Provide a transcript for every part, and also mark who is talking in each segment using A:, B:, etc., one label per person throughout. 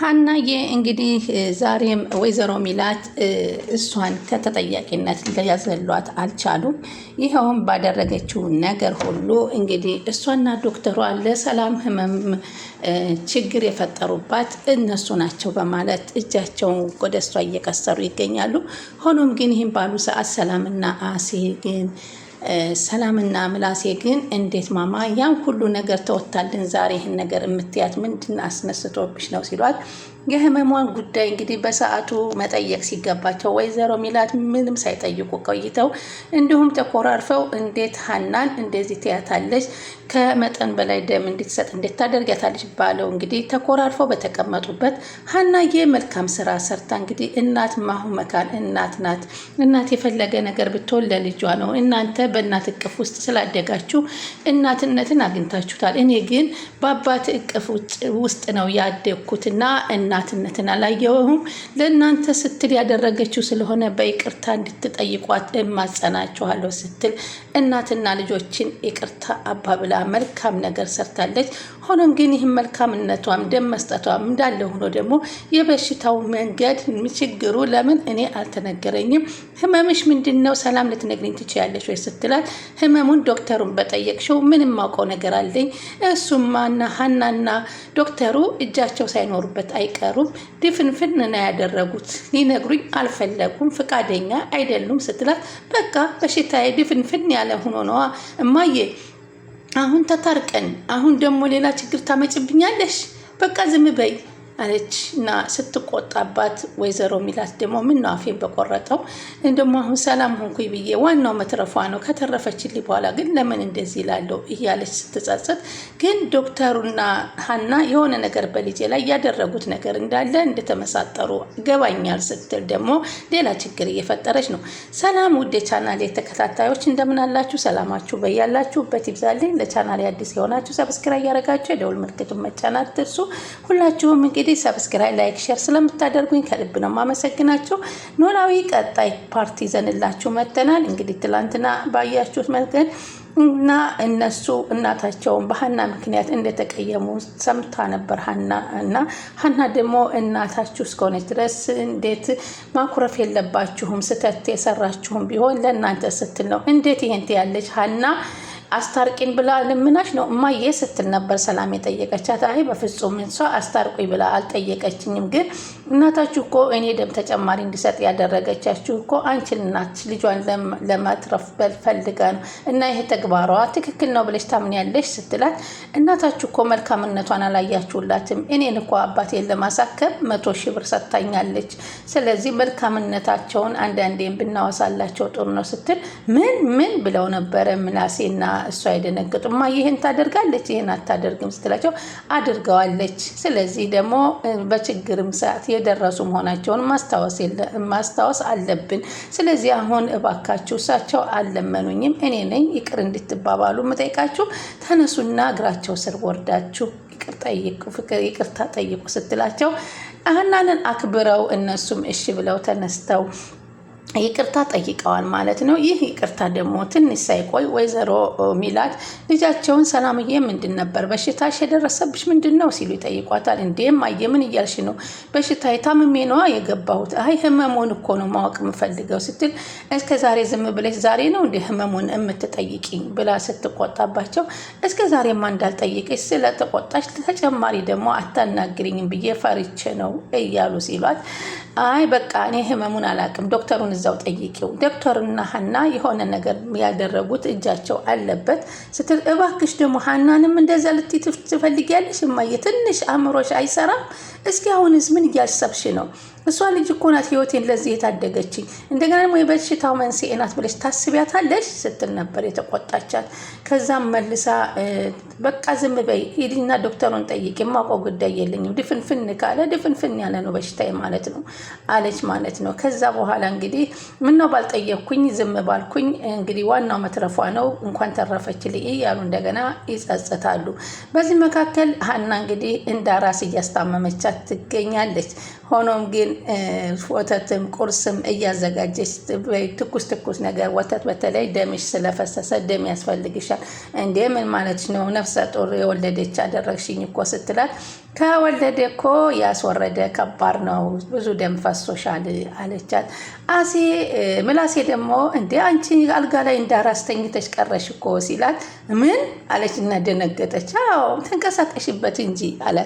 A: ሀናዬ እንግዲህ ዛሬም ወይዘሮ ሚላት እሷን ከተጠያቂነት ሊያዘሏት አልቻሉም። ይኸውም ባደረገችው ነገር ሁሉ እንግዲህ እሷና ዶክተሯ ለሰላም ህመም ችግር የፈጠሩባት እነሱ ናቸው በማለት እጃቸውን ወደ እሷ እየቀሰሩ ይገኛሉ። ሆኖም ግን ይህም ባሉ ሰዓት ሰላምና አሴ ግን ሰላምና ምላሴ ግን እንዴት ማማ ያን ሁሉ ነገር ተወታልን ዛሬ ይህን ነገር የምትያት ምንድን አስነስቶብሽ ነው ሲሏት የህመሟን ጉዳይ እንግዲህ በሰዓቱ መጠየቅ ሲገባቸው ወይዘሮ ሚላት ምንም ሳይጠይቁ ቆይተው እንዲሁም ተኮራርፈው እንዴት ሀናን እንደዚህ ትያታለች ከመጠን በላይ ደም እንድትሰጥ እንዴት ታደርጋታለች? ባለው እንግዲህ ተኮራርፎ በተቀመጡበት ሀናዬ መልካም ስራ ሰርታ እንግዲህ እናት ማሁ መካን እናት ናት። እናት የፈለገ ነገር ብትሆን ለልጇ ነው። እናንተ በእናት እቅፍ ውስጥ ስላደጋችሁ እናትነትን አግኝታችሁታል። እኔ ግን በአባት እቅፍ ውስጥ ነው ያደግኩትና እናትነትን አላየሁም። ለእናንተ ስትል ያደረገችው ስለሆነ በይቅርታ እንድትጠይቋት እማጸናችኋለሁ ስትል እናትና ልጆችን ይቅርታ አባብላ መልካም ነገር ሰርታለች። ሆኖም ግን ይህም መልካምነቷም ደም መስጠቷም እንዳለ ሆኖ ደግሞ የበሽታው መንገድ ችግሩ ለምን እኔ አልተነገረኝም? ህመምሽ ምንድን ነው? ሰላም ልትነግሪኝ ትችያለሽ ወይ ስትላት ህመሙን ዶክተሩን በጠየቅሽው ምንም ማውቀው ነገር አለኝ። እሱማና ሀናና ዶክተሩ እጃቸው ሳይኖሩበት አይቀሩም። ድፍንፍን ና ያደረጉት ሊነግሩኝ አልፈለጉም፣ ፈቃደኛ አይደሉም ስትላት በቃ በሽታዬ ድፍንፍን ያለ ሆኖ ነዋ እማዬ አሁን ተታርቀን አሁን ደግሞ ሌላ ችግር ታመጭብኛለሽ። በቃ ዝም በይ አለች እና ስትቆጣባት፣ ወይዘሮ ሚላት ደግሞ ምን ነው አፌን በቆረጠው እን ደግሞ አሁን ሰላም ሆንኩኝ ብዬ ዋናው መትረፏ ነው። ከተረፈችልኝ በኋላ ግን ለምን እንደዚህ እላለሁ እያለች ስትጸጸት፣ ግን ዶክተሩና ሀና የሆነ ነገር በልጄ ላይ ያደረጉት ነገር እንዳለ እንደተመሳጠሩ ገባኛል ስትል ደግሞ ሌላ ችግር እየፈጠረች ነው። ሰላም ውድ የቻናል የተከታታዮች እንደምን አላችሁ? ሰላማችሁ በያላችሁበት ይብዛልኝ። ለቻናሌ አዲስ የሆናችሁ ሰብስክራይብ እያደረጋችሁ የደውል ምልክቱን መጫን አትርሱ። ሁላችሁም እንግዲህ እንግዲህ ሰብስክራይ፣ ላይክ፣ ሼር ስለምታደርጉኝ ከልብ ነው የማመሰግናችሁ። ኖላዊ ቀጣይ ፓርቲ ይዘንላችሁ መጥተናል። እንግዲህ ትላንትና ባያችሁት መንገድ እና እነሱ እናታቸውን በሀና ምክንያት እንደተቀየሙ ሰምታ ነበር ሀና እና ሀና ደግሞ እናታችሁ እስከሆነች ድረስ እንዴት ማኩረፍ የለባችሁም ስህተት የሰራችሁም ቢሆን ለእናንተ ስትል ነው እንዴት ይሄን ትያለች ሀና አስታርቂን ብላ ልምናሽ ነው እማዬ ስትል ነበር ሰላም የጠየቀቻት። አይ በፍጹም እንሷ አስታርቁኝ ብላ አልጠየቀችኝም ግን እናታችሁ እኮ እኔ ደም ተጨማሪ እንዲሰጥ ያደረገቻችሁ እኮ አንቺን እናት ልጇን ለማትረፍ ፈልጋ ነው እና ይሄ ተግባሯ ትክክል ነው ብለሽ ታምኛለሽ? ስትላት እናታችሁ እኮ መልካምነቷን አላያችሁላትም። እኔን እኮ አባቴን ለማሳከም መቶ ሺህ ብር ሰጥታኛለች። ስለዚህ መልካምነታቸውን አንዳንዴም ብናወሳላቸው ጥሩ ነው ስትል ምን ምን ብለው ነበረ ምናሴና እሷ አይደነግጡ ማ ይህን ታደርጋለች ይህን አታደርግም ስትላቸው አድርገዋለች። ስለዚህ ደግሞ በችግርም ሰዓት የደረሱ መሆናቸውን ማስታወስ አለብን። ስለዚህ አሁን እባካችሁ እሳቸው አልለመኑኝም፣ እኔ ነኝ ይቅር እንድትባባሉ ምጠይቃችሁ፣ ተነሱና እግራቸው ስር ወርዳችሁ ይቅርታ ጠይቁ ስትላቸው ሀናንን አክብረው እነሱም እሺ ብለው ተነስተው ይቅርታ ጠይቀዋል ማለት ነው። ይህ ይቅርታ ደግሞ ትንሽ ሳይቆይ ወይዘሮ ሚላት ልጃቸውን ሰላምዬ ምንድን ነበር በሽታሽ የደረሰብሽ ምንድን ነው ሲሉ ይጠይቋታል። እንዴም አየ ምን እያልሽ ነው? በሽታ የታምሜ ነዋ የገባሁት። አይ ህመሙን እኮ ነው ማወቅ የምፈልገው ስትል እስከ ዛሬ ዝም ብለሽ ዛሬ ነው እንደ ህመሙን የምትጠይቂኝ ብላ ስትቆጣባቸው እስከ ዛሬማ እንዳልጠይቅሽ ስለተቆጣሽ ተጨማሪ ደግሞ አታናግሪኝም ብዬ ፈርቼ ነው እያሉ ሲሏት አይ በቃ እኔ ህመሙን አላውቅም፣ ዶክተሩን እዛው ጠይቂው፣ ዶክተርና ሀና የሆነ ነገር ያደረጉት እጃቸው አለበት ስትል፣ እባክሽ ደግሞ ሀናንም እንደዛ ልትይ ትፈልጊያለሽ? እማዬ ትንሽ አእምሮሽ አይሰራም? እስኪ አሁንስ ምን እያሰብሽ ነው? እሷ ልጅ እኮ ናት ህይወቴን ለዚህ የታደገችኝ፣ እንደገና ደግሞ የበሽታው መንስኤ ናት ብለሽ ታስቢያታለሽ ስትል ነበር የተቆጣቻት። ከዛም መልሳ በቃ ዝም በይ ሂድና ዶክተሩን ጠይቅ፣ የማውቀው ጉዳይ የለኝም፣ ድፍንፍን ካለ ድፍንፍን ያለ ነው በሽታዬ ማለት ነው አለች ማለት ነው። ከዛ በኋላ እንግዲህ ምነው ባልጠየቅኩኝ ዝም ባልኩኝ፣ እንግዲህ ዋናው መትረፏ ነው እንኳን ል ያሉ እንደገና ይጸጽታሉ። በዚህ መካከል ሀና እንግዲህ እንዳራስ እያስታመመቻት ትገኛለች። ሆኖም ግን ወተትም ቁርስም እያዘጋጀች ትኩስ ትኩስ ነገር ወተት በተለይ ደምሽ ስለፈሰሰ ደም ያስፈልግሻል እንዴ ምን ማለትሽ ነው ነፍሰ ጡር የወለደች አደረግሽኝ እኮ ስትላት ከወለደ እኮ ያስወረደ ከባድ ነው ብዙ ደም ፈሶሻል አለቻት አሴ ምላሴ ደግሞ እንዴ አንቺ አልጋ ላይ እንዳራስ ተኝተሽ ቀረሽ እኮ ሲላት ምን አለች እና ደነገጠች አዎ ተንቀሳቀሽበት እንጂ አለ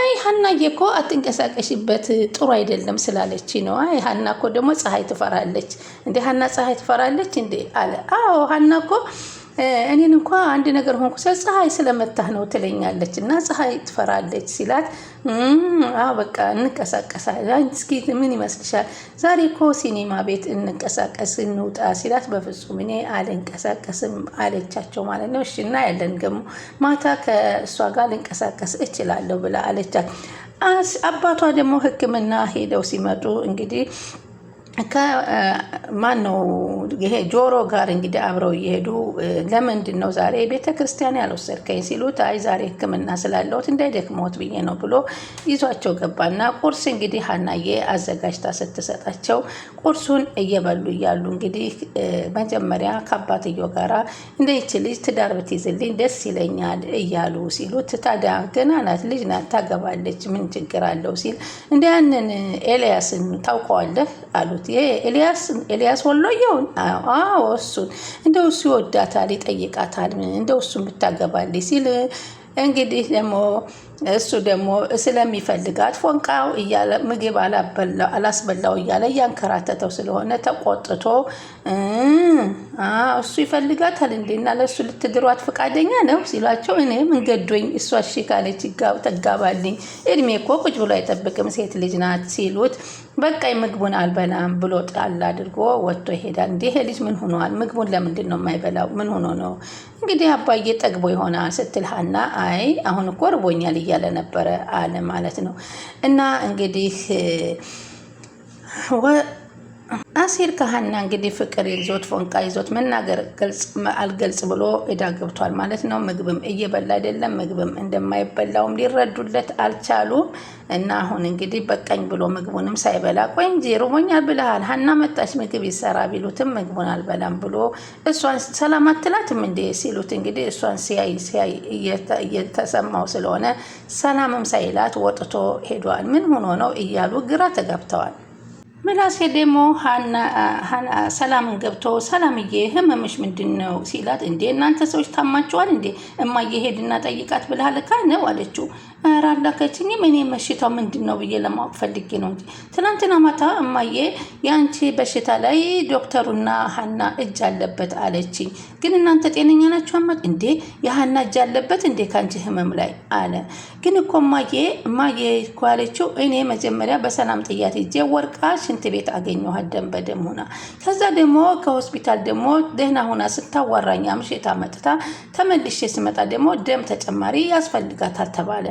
A: አይ ሀናዬ እኮ አትንቀሳቀሽበት ጥሩ አይደለም ስላለች ነው። አይ ሀና እኮ ደግሞ ፀሐይ ትፈራለች እንዴ? ሀና ፀሐይ ትፈራለች እንዴ? አለ። አዎ ሀና እኮ እኔን እንኳ አንድ ነገር ሆንኩ ስለ ፀሐይ ስለመታህ ነው ትለኛለች እና ፀሐይ ትፈራለች ሲላት በቃ እንቀሳቀሳለን። እስኪ ምን ይመስልሻል? ዛሬ እኮ ሲኒማ ቤት እንቀሳቀስ እንውጣ ሲላት በፍጹም እኔ አልንቀሳቀስም አለቻቸው ማለት ነው። እሺ እና ያለን ደግሞ ማታ ከእሷ ጋር ልንቀሳቀስ እችላለሁ ብላ አለቻት። አባቷ ደግሞ ሕክምና ሄደው ሲመጡ እንግዲህ ከማን ነው ይሄ ጆሮ ጋር እንግዲህ አብረው እየሄዱ ለምንድን ነው ዛሬ ቤተ ክርስቲያን ያልወሰድከኝ ሲሉት፣ አይ ዛሬ ሕክምና ስላለሁት እንዳይደክመዎት ብዬ ነው ብሎ ይዟቸው ገባና ቁርስ እንግዲህ ሀናዬ አዘጋጅታ ስትሰጣቸው ቁርሱን እየበሉ እያሉ እንግዲህ መጀመሪያ ከአባትዮ ጋራ እንደይች ልጅ ትዳር ብትይዝልኝ ደስ ይለኛል እያሉ ሲሉት፣ ታዲያ ገና ናት ልጅ ናት ታገባለች ምን ችግር አለው ሲል እንደ ያንን ኤልያስን ታውቀዋለህ አሉት። ያልኩት ኤልያስ ወሎየውን? አዎ እሱን። እንደው እሱ ይወዳታል፣ ይጠይቃታል፣ እንደው እሱን ብታገባልኝ ሲል እንግዲህ ደግሞ እሱ ደግሞ ስለሚፈልጋት ፎንቃው እያለ ምግብ አላስበላው እያለ እያንከራተተው ስለሆነ ተቆጥቶ እሱ ይፈልጋታል እንዴና ለእሱ ልትድሯት ፈቃደኛ ነው ሲሏቸው እኔ እንገዶኝ እሷ እሺ ካለች ተጋባልኝ እድሜ እኮ ቁጭ ብሎ አይጠብቅም ሴት ልጅ ናት ሲሉት በቃ ምግቡን አልበላም ብሎ ጣል አድርጎ ወጥቶ ይሄዳል። እንዲህ ልጅ ምን ሆኗል? ምግቡን ለምንድን ነው የማይበላው? ምን ሆኖ ነው? እንግዲህ አባዬ ጠግቦ ይሆናል ስትል ሀና አይ አሁን እኮ እርቦኛል እያለ ነበረ አለ ማለት ነው እና እንግዲህ አሲር ከሀና እንግዲህ ፍቅር ይዞት ፎንቃ ይዞት መናገር አልገልጽ ብሎ እዳ ገብቷል ማለት ነው። ምግብም እየበላ አይደለም፣ ምግብም እንደማይበላውም ሊረዱለት አልቻሉም። እና አሁን እንግዲህ በቀኝ ብሎ ምግቡንም ሳይበላ ቆይ እንጂ ርቦኛል ብለሃል ሀና መጣች ምግብ ይሰራ ቢሉትም ምግቡን አልበላም ብሎ እሷን ሰላም አትላትም እንዴ ሲሉት እንግዲህ እሷን ሲያይ ሲያይ እየተሰማው ስለሆነ ሰላምም ሳይላት ወጥቶ ሄዷል። ምን ሆኖ ነው እያሉ ግራ ተጋብተዋል። ምላሴ ደግሞ ሰላምን ገብቶ ሰላምዬ ህመምሽ ምንድን ነው ሲላት፣ እንዴ እናንተ ሰዎች ታማችኋል እንዴ እማዬ ሄድና ጠይቃት ብለሃል እኮ ነው አለችው። ኧረ አላከችኝም። እኔ በሽታው ምንድን ነው ብዬ ለማወቅ ፈልጌ ነው እንጂ ትናንትና ማታ እማዬ የአንቺ በሽታ ላይ ዶክተሩና ሀና እጅ አለበት አለችኝ። ግን እናንተ ጤነኛ ናችሁ? አማ እንዴ የሀና እጅ አለበት እንዴ ከአንቺ ህመም ላይ አለ። ግን እኮ እማዬ እማዬ እኮ አለችው። እኔ መጀመሪያ በሰላም ጥያት ሄጄ ወርቃ ሽንት ቤት አገኘኋት ደም በደም ሆና፣ ከዛ ደግሞ ከሆስፒታል ደግሞ ደህና ሆና ስታዋራኝ አምሽታ መጥታ ተመልሼ ስመጣ ደግሞ ደም ተጨማሪ ያስፈልጋታል ተባለ።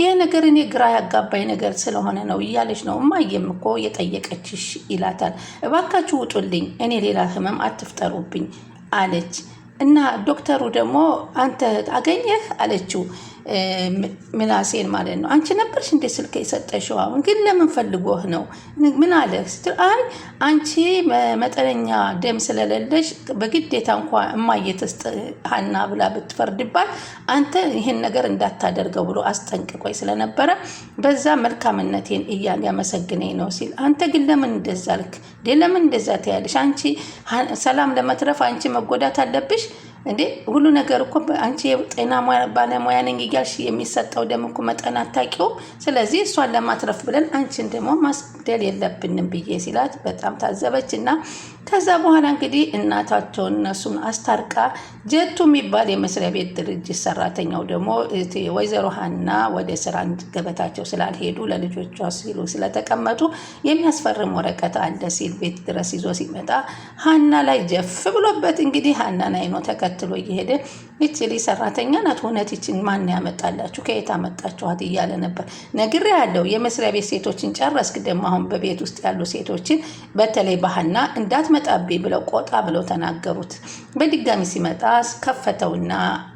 A: ይህ ነገር እኔ ግራ ያጋባኝ ነገር ስለሆነ ነው እያለች ነው። እማዬም እኮ የጠየቀችሽ ይላታል። እባካችሁ ውጡልኝ፣ እኔ ሌላ ህመም አትፍጠሩብኝ አለች እና ዶክተሩ ደግሞ አንተ አገኘህ አለችው። ምናሴን ማለት ነው። አንቺ ነበርሽ እንዴ ስልክ የሰጠሽው? አሁን ግን ለምን ፈልጎህ ነው? ምን አለ ስትል አይ አንቺ መጠነኛ ደም ስለሌለሽ በግዴታ እንኳ እማየተስጥ ሀና ብላ ብትፈርድባት አንተ ይህን ነገር እንዳታደርገው ብሎ አስጠንቅቆኝ ስለነበረ በዛ መልካምነቴን እያል ያመሰግነኝ ነው ሲል አንተ ግን ለምን እንደዛ ልክ ለምን እንደዛ ትያለሽ? አንቺ ሰላም ለመትረፍ አንቺ መጎዳት አለብሽ። እንዴ ሁሉ ነገር እኮ አንቺ የጤና ባለሙያ ነኝ እያልሽ የሚሰጠው ደም እኮ መጠን አታውቂውም። ስለዚህ እሷን ለማትረፍ ብለን አንቺን ደግሞ ማስደል የለብንም ብዬ ሲላት በጣም ታዘበች እና ከዛ በኋላ እንግዲህ እናታቸውን እነሱን አስታርቃ ጀቱ የሚባል የመስሪያ ቤት ድርጅት ሰራተኛው ደግሞ ወይዘሮ ሀና ወደ ስራ ገበታቸው ስላልሄዱ ለልጆቿ ሲሉ ስለተቀመጡ የሚያስፈርም ወረቀት አለ ሲል ቤት ድረስ ይዞ ሲመጣ ሀና ላይ ጀፍ ብሎበት እንግዲህ ሀናን አይኖ ተከትሎ እየሄደ ይቺ ልጅ ሰራተኛ ናት፣ እውነት ይችን ማን ያመጣላችሁ ከየት አመጣችኋት እያለ ነበር። ነግሬ ያለው የመስሪያ ቤት ሴቶችን ጨረስክ፣ ደግሞ አሁን በቤት ውስጥ ያሉ ሴቶችን በተለይ ባህና እንዳትመጣቤ ብለው ቆጣ ብለው ተናገሩት። በድጋሚ ሲመጣ ከፈተውና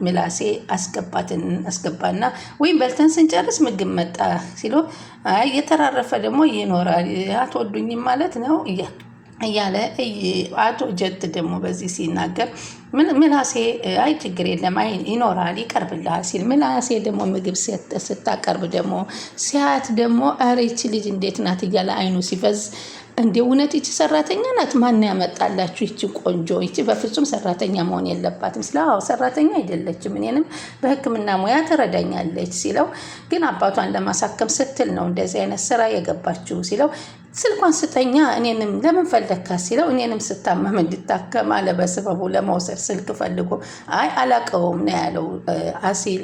A: ምላሴ አስገባትን አስገባና ወይም በልተን ስንጨርስ ምግብ መጣ ሲሉ የተራረፈ ደግሞ ይኖራል አትወዱኝም ማለት ነው እያ እያለ አቶ ጀት ደግሞ በዚህ ሲናገር ምናሴ አይ ችግር የለም አይ ይኖራል ይቀርብልሃል ሲል ምናሴ ደግሞ ምግብ ስታቀርብ ደግሞ ሲያት ደግሞ ኧረ ይቺ ልጅ እንዴት ናት እያለ አይኑ ሲፈዝ እንደ እውነት ይቺ ሰራተኛ ናት ማን ያመጣላችሁ ይቺ ቆንጆ ይቺ በፍጹም ሰራተኛ መሆን የለባትም ስለ አዎ ሰራተኛ አይደለችም እኔንም በህክምና ሙያ ትረዳኛለች ሲለው ግን አባቷን ለማሳከም ስትል ነው እንደዚህ አይነት ስራ የገባችው ሲለው ስልኳን ስተኛ እኔንም ለምን ፈለግካ ሲለው እኔንም ስታመም እንድታከም አለ በስበቡ ለመውሰድ ስልክ ፈልጎ አይ አላቀውም ነው ያለው። አሲል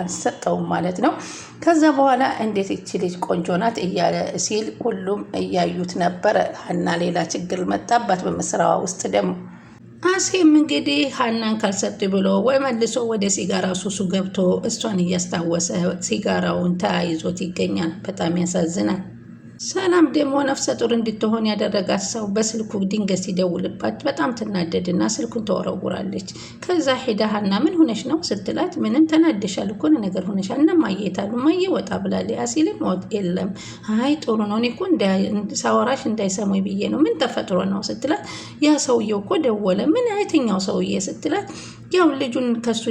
A: አልሰጠውም ማለት ነው። ከዛ በኋላ እንዴት ይቺ ልጅ ቆንጆ ናት እያለ ሲል ሁሉም እያዩት ነበረ። ሀና ሌላ ችግር መጣባት በመስራዋ ውስጥ ደግሞ አሴም እንግዲህ ሀናን ካልሰጥ ብሎ ወይ መልሶ ወደ ሲጋራ ሱሱ ገብቶ እሷን እያስታወሰ ሲጋራውን ተያይዞት ይገኛል። በጣም ያሳዝናል። ሰላም ደግሞ ነፍሰ ጡር እንድትሆን ያደረጋት ሰው በስልኩ ድንገት ሲደውልባት በጣም ትናደድና ስልኩን ተወረውራለች። ከዛ ሄዳ ሀና ምን ሆነሽ ነው ስትላት ምንም ተናደሻል እኮ ነገር ሆነሻል እና ማየታሉ ማየ ወጣ ብላለች። አሲልም ወጥ የለም አይ ጥሩ ነው እኔ እኮ ሳወራሽ እንዳይሰሙኝ ብዬ ነው ምን ተፈጥሮ ነው ስትላት ያ ሰውዬው እኮ ደወለ ምን አይተኛው ሰውዬ ስትላት ያው ልጁን ከሱ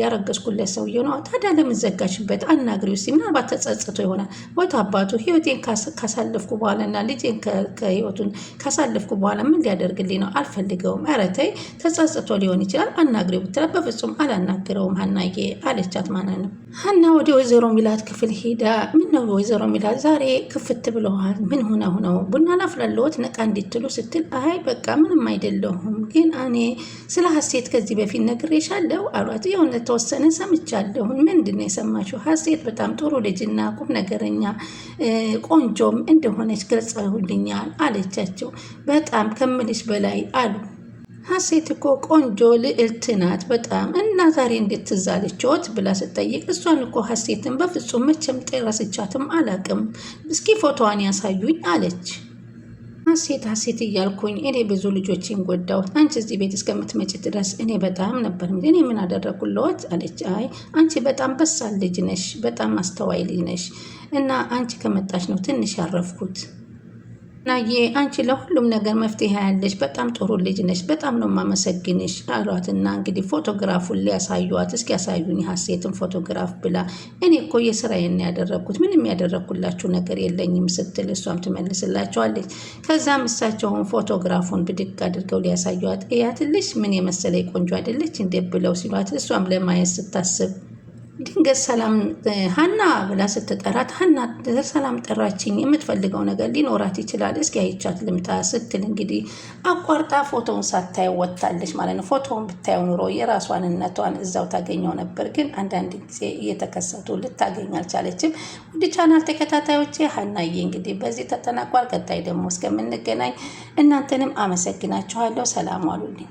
A: ያረገዝኩለት ሰውዬው ነው። ታዲያ ለምን ዘጋሽበት? አናግሪው እስኪ ምናልባት ተጸጽቶ ይሆናል ወይቶ አባቱ ህይወቴን ካሳለፍኩ በኋላ እና ልጄን ከህይወቱን ካሳለፍኩ በኋላ ምን ሊያደርግልኝ ነው? አልፈልገውም። ኧረ ተይ፣ ተጸጽቶ ሊሆን ይችላል አናግሪው ብትላት በፍጹም አላናግረውም ሀናዬ አለቻት። ማለት ነው ሀና ወደ ወይዘሮ ሚላት ክፍል ሄዳ ምን ነው ወይዘሮ ሚላት ዛሬ ክፍት ብለዋል። ምን ሆነ ሆነው ቡና ላፍላለዎት ነቃ እንዲትሉ ስትል አይ በቃ ምንም አይደለሁም፣ ግን እኔ ስለ ሀሴት ከዚህ በፊት ነግሬሻለሁ አሏት። የሆነ ተወሰነ ሰምቻለሁን። ምንድን ነው የሰማችው? ሀሴት በጣም ጥሩ ልጅና ቁም ነገረኛ ቆንጆም እንደሆነች ገልጸውልኛል አለቻቸው። በጣም ከምልሽ በላይ አሉ። ሀሴት እኮ ቆንጆ ልዕልት ናት በጣም እና ዛሬ እንዴት ትዝ አለችዎት ብላ ስጠይቅ እሷን እኮ ሀሴትን በፍጹም መቼም ጠራስቻትም አላቅም። እስኪ ፎቶዋን ያሳዩኝ አለች። ሀሴት ሀሴት እያልኩኝ እኔ ብዙ ልጆችን ጎዳው። አንቺ እዚህ ቤት እስከምትመጪ ድረስ እኔ በጣም ነበር እኔ ምን አደረግኩልዎት? አለች። አይ አንቺ በጣም በሳል ልጅ ነሽ፣ በጣም አስተዋይ ልጅ ነሽ እና አንቺ ከመጣሽ ነው ትንሽ ያረፍኩት ናዬ አንቺ ለሁሉም ነገር መፍትሄ ያለሽ በጣም ጥሩ ልጅ ነሽ፣ በጣም ነው ማመሰግንሽ አሏትና እንግዲህ ፎቶግራፉን ሊያሳዩት እስኪ ያሳዩኝ ሀሴትን ፎቶግራፍ ብላ እኔ እኮ የስራዬን ያደረግኩት ምንም ያደረግኩላችሁ ነገር የለኝም ስትል እሷም ትመልስላቸዋለች። ከዛም እሳቸውን ፎቶግራፉን ብድግ አድርገው ሊያሳዩት እያትልሽ ምን የመሰለ ቆንጆ አይደለች እንዴ ብለው ሲሏት እሷም ለማየት ስታስብ ድንገት ሰላም ሀና ብላ ስትጠራት ሀና ሰላም ጠራችኝ፣ የምትፈልገው ነገር ሊኖራት ይችላል፣ እስኪ አይቻት ልምጣ ስትል እንግዲህ አቋርጣ ፎቶውን ሳታየው ወጥታለች ማለት ነው። ፎቶውን ብታየው ኑሮ የራሷንነቷን እዛው ታገኘው ነበር። ግን አንዳንድ ጊዜ እየተከሰቱ ልታገኝ አልቻለችም። ውድ ቻናል ተከታታዮች ሀናዬ እንግዲህ በዚህ ተጠናቋል። ቀጣይ ደግሞ እስከምንገናኝ እናንተንም አመሰግናችኋለሁ። ሰላም አሉልኝ